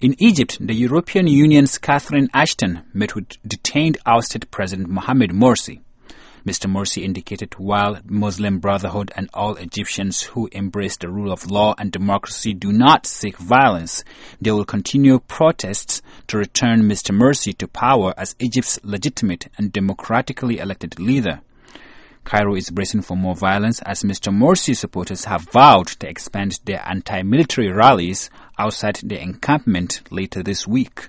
In Egypt, the European Union's Catherine Ashton met with detained ousted President Mohamed Morsi. Mr. Morsi indicated while Muslim Brotherhood and all Egyptians who embrace the rule of law and democracy do not seek violence, they will continue protests to return Mr. Morsi to power as Egypt's legitimate and democratically elected leader. Cairo is bracing for more violence as Mr. Morsi supporters have vowed to expand their anti-military rallies outside the encampment later this week.